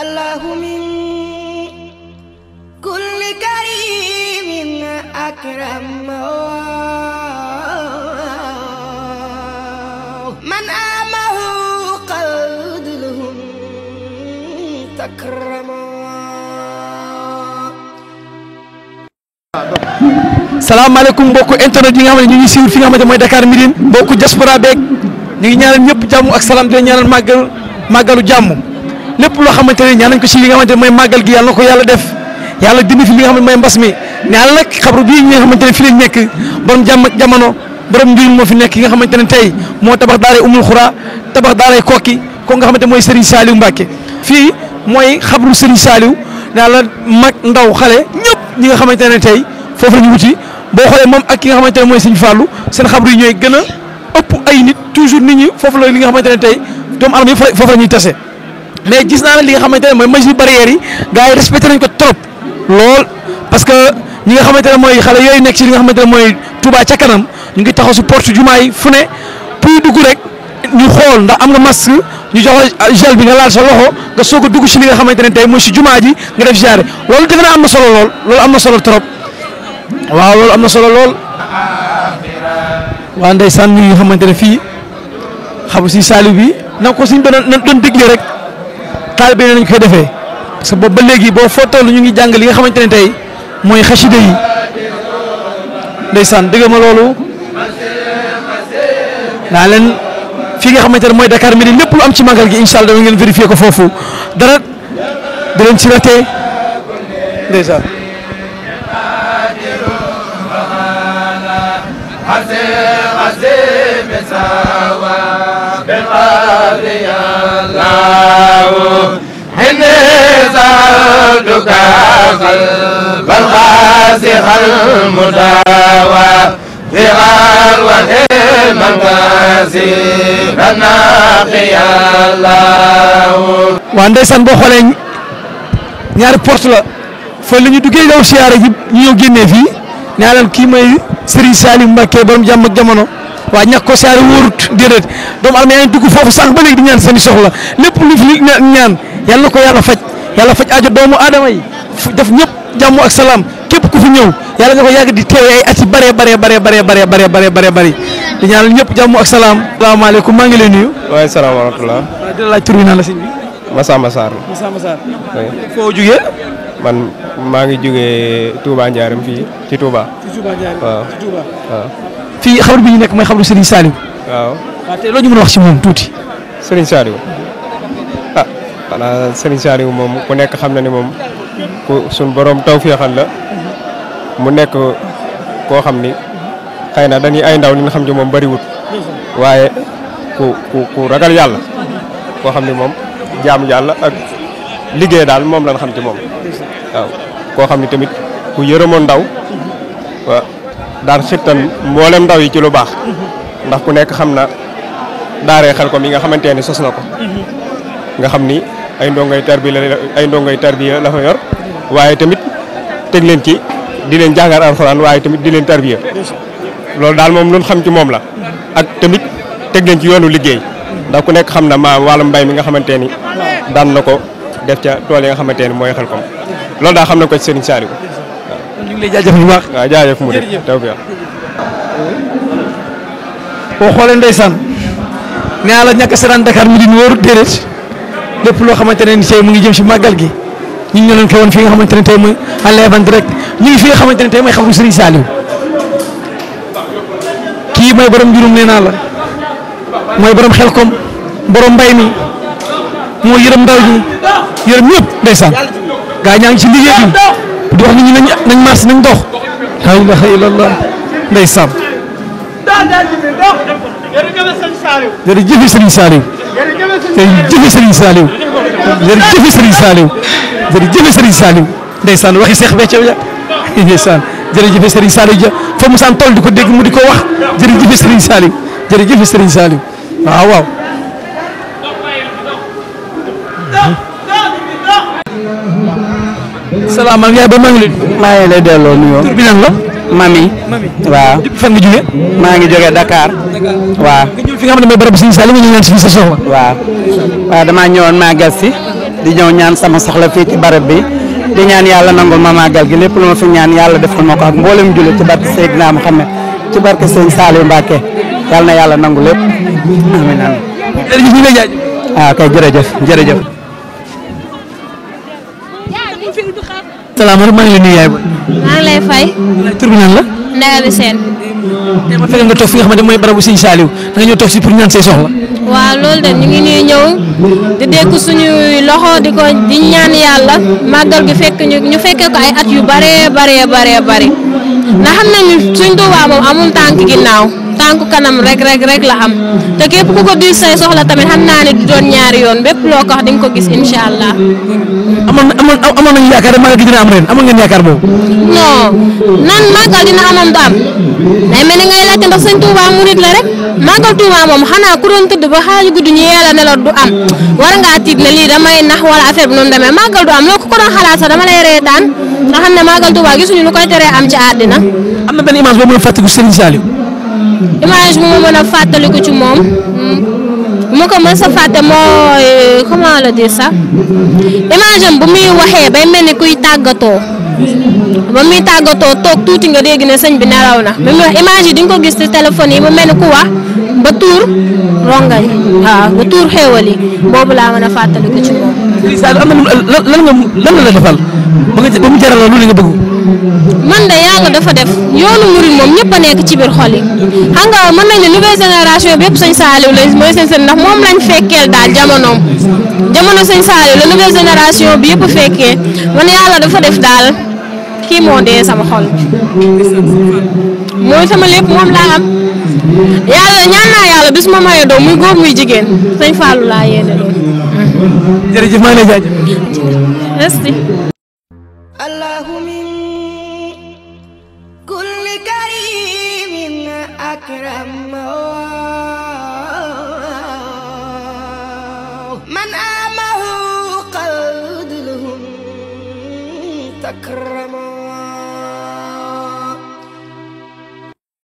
الله من كل كريم أكرم من آمه قد nga xam ne fi nga xamante mooy Dakar Midi mbokku diaspora beeg ñu ngi ñaanal ñëpp jàmm ak salaam di ñaanal màggalu màggalu jàmm lépp loo xamante ne ñaan nañ ko si li nga xamante ne mooy màggal gi yàlla ko yàlla def yàlla dindi fi li nga xam ne mooy mbas mi ñaan nag xabru nekk borom jàmm jamono borom njur moo fi nekk yi nga xamante ne tey moo tabax daaray umul xura tabax daaray kokki ko nga xamante mooy Serigne Saliou Mbacke fii mooy xabru Serigne Saliou naa la mag ndaw xale ñëpp ñi nga xamante ne tey foofu la ñu wuti boo xoolee ak ki nga xamante ne mooy Serigne Fallou seen xabru yi ñooy gën a ëpp ay nit toujours nit ñi foofu la li nga xamante ne tey doomu aadama yi foofu la ñuy tase mais gis naa ne li nga xamante ne mooy mesure barrière yi gars yi respecté nañ ko trop lool parce que ñi nga xamante ne mooy xale yooyu nekk ci li nga xamante ne mooy tubaa ca kanam ñu ngi taxaw si porte jumaa yi fu ne puy dugg rek ñu xool ndax am nga masque ñu jox gel bi nga laal sa loxo nga soog a dugg si li nga xamante ne tey mooy si jumaa ji nga def ziare loolu defe naa am na solo lool loolu am na solo trop waaw am na solo lool. waa ndeysaan ñi nga xamante ne fii xam si Saliou bi na ko suñ doon doon digle rek. taalibe yi nañ koy defee parce que boobu ba léegi boo foo toll ñu ngi jàng li nga xamante ne tey mooy xasida yi ndeysaan dëgg ma loolu naa leen fii nga xamante ne mooy Dakar Midi lépp lu am ci màggal gi incha allah dama ngeen vérifier ko foofu dara da leen ci raté حنزادك بل خاسخ المداوى في غروة المنكسر ناقي الله waa ndeysaan boo xoolee ñaari porte la fa li ñu duggee daw siyaare ji ñu ñëw génnee fii ñaa kii mooy Serigne Salim Mbacké borom jàmm ak jamono waaw ñàkk ko saari wóorut déedéet doomu aadama yaa ngi dugg foofu sànq ba léegi di ñaan seen soxla lépp lu fi ñaan yàlla ko yàlla faj yàlla faj aajo doomu aadama yi def ñëpp jàmm ak salaam képp ku fi ñëw yàlla nga ko yàgg di teew ay at yi bëree bëree bëree bëree bëree bëree bëree bëree bëri di ñaanal ñëpp jàmm ak salaam salaamaaleykum maa ngi lay nuyu waaye salaam wa rahmatulah di la laaj tur bi naan la sëñ bi Massamba Sarr Massamba Sarr foo jugee man maa ngi jugee Touba Ndiarème fii ci fii xabar bi ñu nekk may xam Serigne Saliou. waaw waaw te loo ñu tuuti. Serigne Saliou ah xanaa Serigne Saliou moom ku nekk xam na ni moom ku suñ boroom borom tawféexal la mu nekk koo xam ni xëy na dañuy ay ndaw li nga xam ne moom bariwut waaye ku ku ragal yàlla koo xam ne moom jaamu yàlla ak liggéey daal moom lañ xam ci moom waaw koo xam ne tamit ku yërëmoon ndaw waaw. daan xittal mboolem ndaw yi ci lu baax ndax ku nekk xam na daaree xel ko mi nga xamante ne sos na ko nga xam ni ay ndongoy tarbiya la ay ndongoy tarbiya la fa yor waaye tamit teg leen ci di leen jàngal alxuraan waaye tamit di leen tarbiya loolu daal moom luñ xam ci moom la ak tamit teg leen ci yoonu liggéey ndax ku nekk xam na maam wàllum mbay mi nga xamante ni daan na ko def ca tool yi nga xamante ni mooy xel kom loolu daal xam na ko ci Serigne ko ngi lay jaajëf bu baax. waaw jaajëf mu de xoolee ndeysaan nee naa la ñàkk a seetaan Dakar mi di nu wóorut déedéet lépp loo xamante ne nii mu ngi jëm si màggal gi ñu ngi fi nga xamante ne tey mooy à l'évent rek ñu xamante ne tey mooy xabru Serigne Saliou kii mooy borom juróom nee naa la mooy borom xel kom borom mbay mi moo yërëm ndaw ñi yërëm ñëpp ndeysaan gaa ñaa ngi ci liggéey bi. di wax nit ñi nañ nañ marché nañ dox. la ilaha illallah ndeysaan. jërëjëf Serigne Saliou. jërëjëf Serigne Saliou. jërëjëf Serigne Saliou. jërëjëf Serigne Saliou. ndeysaan waxi Seex Béthio ja ndeysaan jërëjëf Serigne Saliou ja fa mu saan toll di ko dégg mu di ko wax jërëjëf Serigne Saliou jërëjëf Serigne Saliou waaw waaw. salaamaaleykum maa ngi lay. maa ngi la. mami. mami waaw. fan nga jógee. maa ngi jógee dakaar waaw. nga ñëw fi nga xam sa soxla. waaw damaa ñëwoon màggal si. di ñëw ñaan sama saxla fii ci barab bi. di ñaan yàlla nangul ma màggal gi lépp lu ma fi ñaan yàlla defal ma ko ak mboolem jullit ci barke Seydina Muhammad ci barke Sëñ Saliou Mbacke yàlla yàlla nangu lépp. amiin amiin. jërëjëf ñu ngi lay jaajëf. waaw ah, kay jërëjëf. salaamaaleykum maa ngi lay nuyu yaay booy. maa ngi lay fay. tur la. Ndagabi Sène. tey ma fekk nga toog fi nga xamante mooy barabu Sëñ Saliou da nga ñëw toog si pour ñaan say soxla. waaw loolu de ñu ngi nii ñëw di dékk suñuy loxo di ko di ñaan yàlla màggal gi fekk ñu ñu fekkee ko ay at yu bare bare bare bare ndax xam nañu suñ Tuubaa moom amul tànk ginnaaw. tànku kanam rek rek rek la am te képp ku ko diis say soxla tamit xam naa ne du doon ñaari yoon bépp loo ko wax ko gis incha allah. amoon amoon amoon nañu yaakaar ne màggal am ren amoon ngeen yaakaar boobu. non nan màggal dina amoon am day mel ni ngay laajte ndax la rek màggal Touba moom xanaa ku doon tëdd ba xaaju guddi ne la du am war ngaa tiit ne lii damay nax wala affaire bi noonu demee màggal du am loolu ko doon xalaat am ci àddina. na benn image image bu a mën a fàttaliku ci moom mu hmm, ko mës a fàtte mooy comment la dire ça image am bu muy waxee bay mel ni kuy tàggatoo ba muy tàggatoo toog tuuti nga dégg ne sëñ bi nelaw na bi image yi di ko gis ci téléphone yi mu mel ni ku wax ba tuur rongañ waaw ba tuur xéewal yi laa mën a fàttaliku ci moom. Lisa ba mu jaral lu ne nga bëgg. man de yàlla dafa def yoonu murid moom ñëpp a nekk ci biir xol yi xam nga mën nañ ne nouvelle génération bépp sëñ Saaliw la mooy seen seen ndax moom lañ fekkeel daal jamonoom jamono sëñ Saaliw la nouvelle génération bi yëpp fekkee man yàlla dafa def daal kii moo dee sama xol mooy sama lépp moom laa am yàlla ñaan naa yàlla bis ma maye doom muy góor muy jigéen sëñ Fallou laa yéene doon jërëjëf أكرم مواد